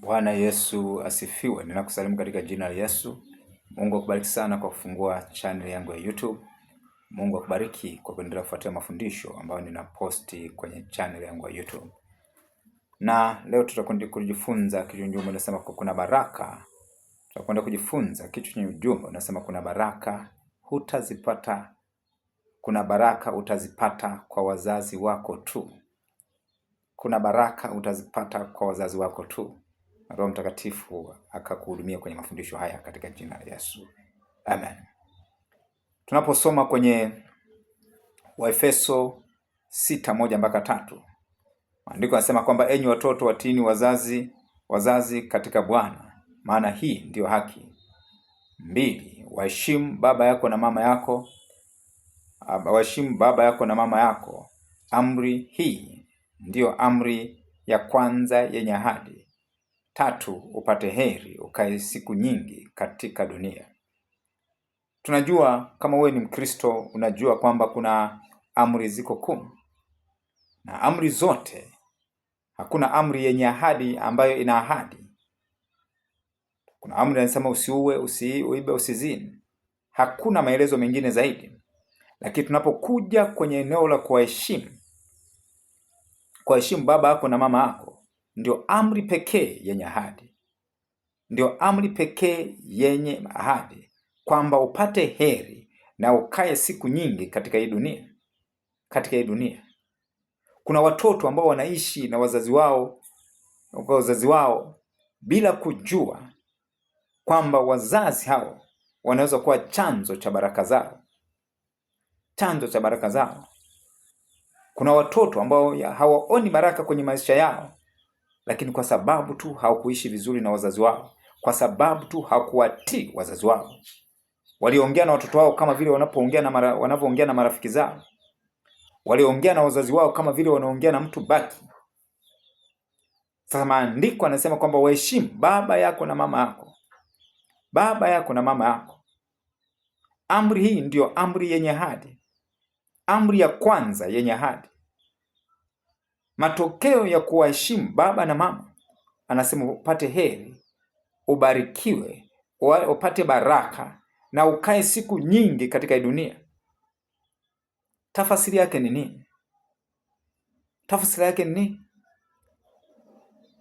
Bwana Yesu asifiwe. Ninakusalimu katika jina la Yesu. Mungu akubariki sana kwa kufungua channel yangu ya YouTube. Mungu akubariki kwa kuendelea kufuatia mafundisho ambayo ninaposti kwenye channel yangu ya YouTube. Na leo tutakwenda kujifunza kichwa ujumbe unasema kuna baraka. Tutakwenda kujifunza kichwa chenye ujumbe unasema kuna baraka hutazipata, kuna baraka utazipata kwa wazazi wako tu. Kuna baraka utazipata kwa wazazi wako tu. Roho Mtakatifu akakuhudumia kwenye mafundisho haya katika jina la Yesu, amen. Tunaposoma kwenye Waefeso sita moja mpaka tatu maandiko yanasema kwamba enyi watoto watini wazazi wazazi katika Bwana, maana hii ndiyo haki. Mbili, waheshimu baba yako na mama yako, waheshimu baba yako na mama yako. Amri hii ndiyo amri ya kwanza yenye ahadi Tatu, upate heri ukae siku nyingi katika dunia. Tunajua kama wewe ni Mkristo, unajua kwamba kuna amri ziko kumi, na amri zote, hakuna amri yenye ahadi ambayo ina ahadi. Kuna amri inasema usiue, usiibe, usizini. Hakuna maelezo mengine zaidi, lakini tunapokuja kwenye eneo la kuwaheshimu, kuwaheshimu baba yako na mama yako ndio amri pekee yenye ahadi, ndio amri pekee yenye ahadi kwamba upate heri na ukae siku nyingi katika hii dunia. Katika hii dunia kuna watoto ambao wanaishi na wazazi wao kwa wazazi wao bila kujua kwamba wazazi hao wanaweza kuwa chanzo cha baraka zao, chanzo cha baraka zao. Kuna watoto ambao hawaoni baraka kwenye maisha yao lakini kwa sababu tu hawakuishi vizuri na wazazi wao, kwa sababu tu hawakuwatii wazazi wao, waliongea na watoto wao kama vile wanapoongea na mara, wanavyoongea na marafiki zao, waliongea na wazazi wao kama vile wanaongea na mtu baki. Sasa maandiko anasema kwamba waheshimu baba yako na mama yako, baba yako na mama yako. Amri hii ndiyo amri yenye hadi, amri ya kwanza yenye hadi matokeo ya kuwaheshimu baba na mama, anasema upate heri, ubarikiwe, upate baraka na ukae siku nyingi katika dunia. Tafasiri yake ni nini? Tafasiri yake ni nini?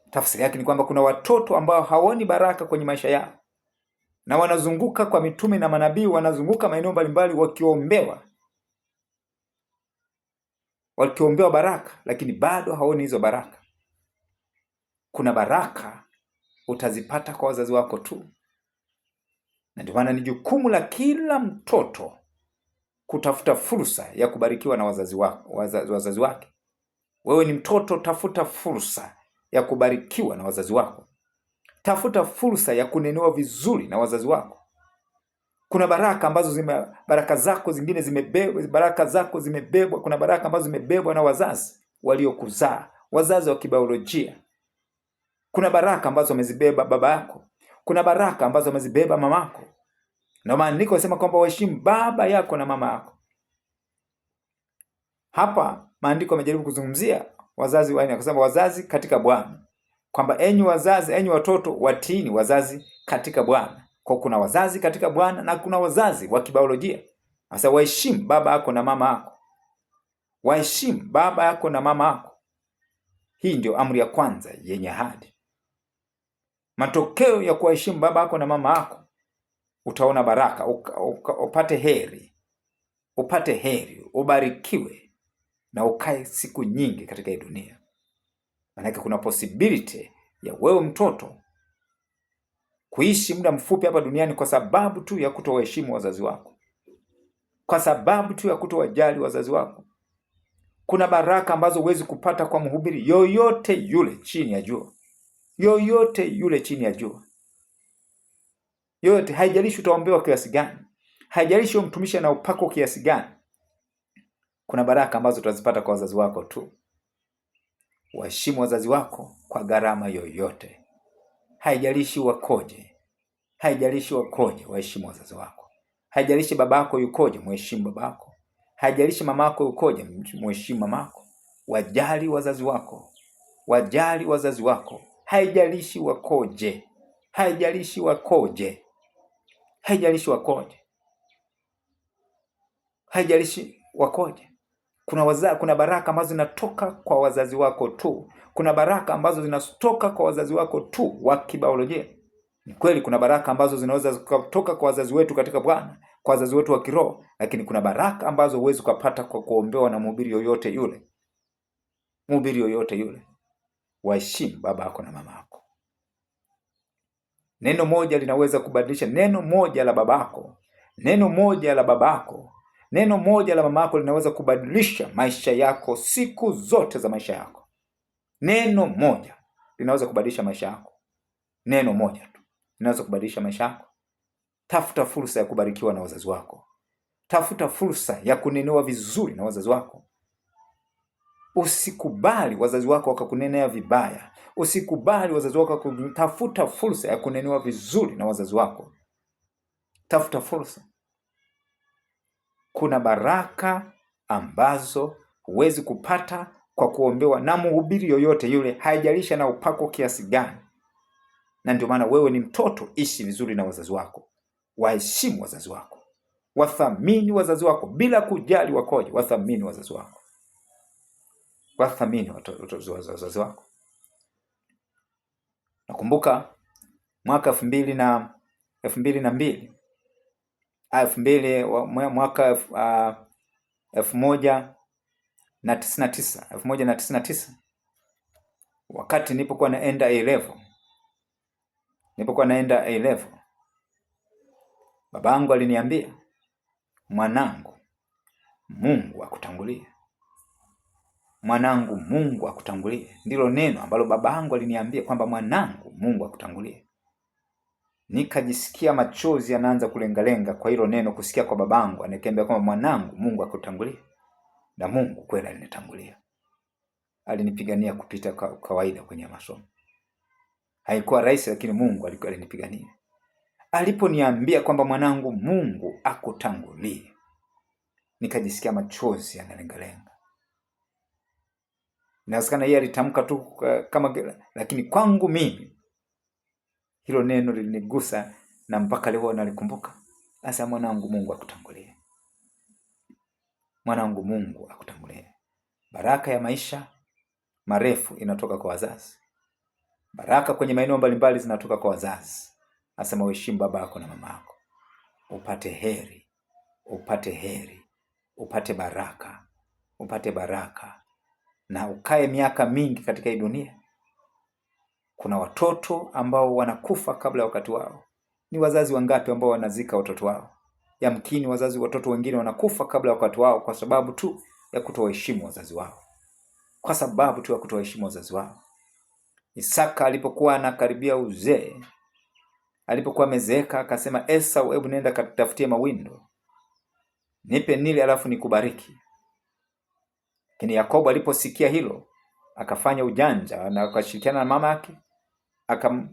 Tafsiri yake ni kwamba kuna watoto ambao hawaoni baraka kwenye maisha yao, na wanazunguka kwa mitume na manabii, wanazunguka maeneo mbalimbali wakiombewa wakiombewa baraka, lakini bado haoni hizo baraka. Kuna baraka utazipata kwa wazazi wako tu, na ndio maana ni jukumu la kila mtoto kutafuta fursa ya kubarikiwa na wazazi wako, wazazi, wazazi wake. Wewe ni mtoto, tafuta fursa ya kubarikiwa na wazazi wako, tafuta fursa ya kunenewa vizuri na wazazi wako kuna baraka ambazo zime, baraka zako zingine zimebebwa, baraka zako zimebebwa. Kuna baraka ambazo zimebebwa na wazazi waliokuzaa, wazazi wa kibiolojia. Kuna baraka ambazo amezibeba baba yako, kuna baraka ambazo amezibeba yako. na maandiko yanasema kwamba waheshimu baba yako na mama yako. Hapa maandiko yamejaribu kuzungumzia wazazi wanne, akasema wazazi katika Bwana, kwamba enyi wazazi, enyi watoto watiini wazazi katika Bwana kwa kuna wazazi katika Bwana na kuna wazazi wa kibiolojia. Sasa waheshimu baba yako na mama yako, waheshimu baba yako na mama yako. Hii ndio amri ya kwanza yenye ahadi. Matokeo ya kuwaheshimu baba yako na mama yako, utaona baraka uka, uka, upate heri, upate heri, ubarikiwe na ukae siku nyingi katika hii dunia, maanake kuna possibility ya wewe mtoto kuishi muda mfupi hapa duniani kwa sababu tu ya kutowaheshimu wazazi wako, kwa sababu tu ya kutowajali wazazi wako. Kuna baraka ambazo huwezi kupata kwa mhubiri yoyote yule chini ya jua, yoyote yule chini ya jua yoyote. Haijalishi utaombewa kiasi gani, haijalishi mtumishi na upako kiasi gani, kuna baraka ambazo utazipata kwa wazazi wako tu. Waheshimu wazazi wako kwa gharama yoyote haijalishi wakoje, haijalishi wakoje, waheshimu wazazi wako. Haijalishi babako yukoje, mheshimu babako. Haijalishi mamako yukoje, mheshimu mamako. Wajali wazazi wako, wajali wazazi wako, haijalishi wakoje, haijalishi wakoje, haijalishi wakoje, haijalishi wakoje. Kuna, waza, kuna baraka ambazo zinatoka kwa wazazi wako tu. Kuna baraka ambazo zinatoka kwa wazazi wako tu wa kibiolojia. Ni kweli kuna baraka ambazo zinaweza kutoka kwa wazazi wetu katika Bwana, kwa wazazi wetu wa kiroho, lakini kuna baraka ambazo huwezi ukapata kwa kuombewa na mhubiri yoyote yule. Mhubiri yoyote yule. Waheshimu baba yako na mama yako. Neno moja linaweza kubadilisha, neno moja la babako, neno moja la babako Neno moja la mama yako linaweza kubadilisha maisha yako siku zote za maisha yako. Neno moja linaweza kubadilisha maisha yako. Neno moja tu linaweza kubadilisha maisha yako. Tafuta fursa ya kubarikiwa na wazazi wako. Tafuta fursa ya kunenewa vizuri na wazazi wako. Usikubali wazazi wako wakakunenea vibaya. Usikubali wazazi wako wakakutafuta fursa ya kunenewa vizuri na wazazi wako. Tafuta fursa kuna baraka ambazo huwezi kupata kwa kuombewa na mhubiri yoyote yule, haijalisha na upako kiasi gani. Na ndio maana wewe ni mtoto, ishi vizuri na wazazi wako, waheshimu wazazi wako, wathamini wazazi wako bila kujali wakoje, wathamini wazazi wako, wathamini wazazi wako. Nakumbuka mwaka elfu mbili na elfu mbili na mbili Ah, elfu mbili mwaka ah, elfu moja na tisini na tisa elfu moja na tisini na tisa wakati nilipokuwa naenda A level, nilipokuwa naenda A level, babangu aliniambia, mwanangu, Mungu akutangulie, mwanangu, Mungu akutangulie. Ndilo neno ambalo babangu aliniambia kwamba mwanangu, Mungu akutangulie nikajisikia machozi yanaanza kulengalenga kwa hilo neno, kusikia kwa babangu anakiambia kwamba mwanangu, Mungu akutangulia. Na Mungu kweli alinitangulia, alinipigania kupita kwa kawaida kwenye masomo. Haikuwa rahisi, lakini Mungu alikuwa alinipigania. Aliponiambia kwamba mwanangu, Mungu akutangulie, nikajisikia machozi yanalengalenga. Inawezekana yeye alitamka tu eh, kama, lakini kwangu mimi hilo neno lilinigusa na mpaka leo nalikumbuka. Sasa mwanangu, Mungu akutangulie, mwanangu, Mungu akutangulie. Baraka ya maisha marefu inatoka kwa wazazi. Baraka kwenye maeneo mbalimbali zinatoka kwa wazazi. Asema uheshimu baba yako na mama yako upate heri, upate heri, upate baraka, upate baraka na ukae miaka mingi katika hii dunia. Kuna watoto ambao wanakufa kabla ya wakati wao. Ni wazazi wangapi ambao wanazika watoto wao? Yamkini wazazi, watoto wengine wanakufa kabla ya wakati wao kwa sababu tu ya kutowaheshimu wazazi wao, kwa sababu tu ya kutowaheshimu wazazi wao. Isaka alipokuwa anakaribia uzee, alipokuwa amezeeka, akasema Esau, hebu nenda katafutie mawindo, nipe nile, alafu nikubariki. Lakini Yakobo aliposikia hilo akafanya ujanja na akashirikiana na mama yake, aka,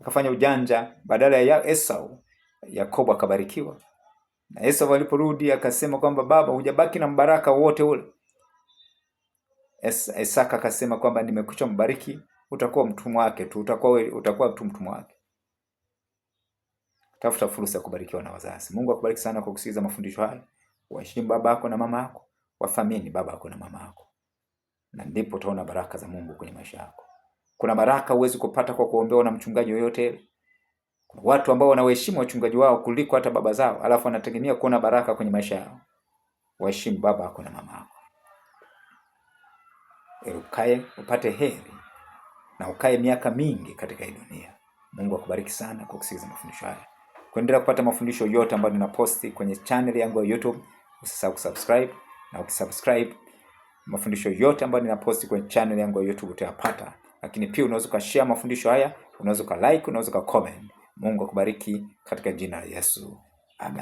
akafanya ujanja badala ya Esau. Yakobo akabarikiwa na Esau aliporudi akasema kwamba baba, hujabaki na mbaraka wote ule. Es, Esaka akasema kwamba nimekwisha mbariki, utakuwa mtumwa wake tu, utakuwa utakuwa tu mtumwa wake. Tafuta fursa ya kubarikiwa na wazazi. Mungu akubariki sana kwa kusikiliza mafundisho haya. Waheshimu baba yako na mama yako, wathamini baba yako na mama yako, na ndipo utaona baraka za Mungu kwenye maisha yako. Kuna baraka huwezi kupata kwa kuombewa na mchungaji yoyote. Watu ambao wanaheshimu wachungaji wao kuliko hata baba zao, alafu wanategemea kuona baraka kwenye maisha yao. Waheshimu baba yako na mama yako, ukae upate heri na ukae miaka mingi katika hii dunia. Mungu akubariki sana kwa kusikiliza mafundisho haya. Kuendelea kupata mafundisho yote ambayo ninaposti kwenye channel yangu ya YouTube, usisahau kusubscribe na ukisubscribe, mafundisho yote ambayo ninaposti kwenye channel yangu ya YouTube utayapata lakini pia unaweza ukashare mafundisho haya, unaweza ukalike, unaweza ukacomment. Mungu akubariki katika jina la Yesu, amen.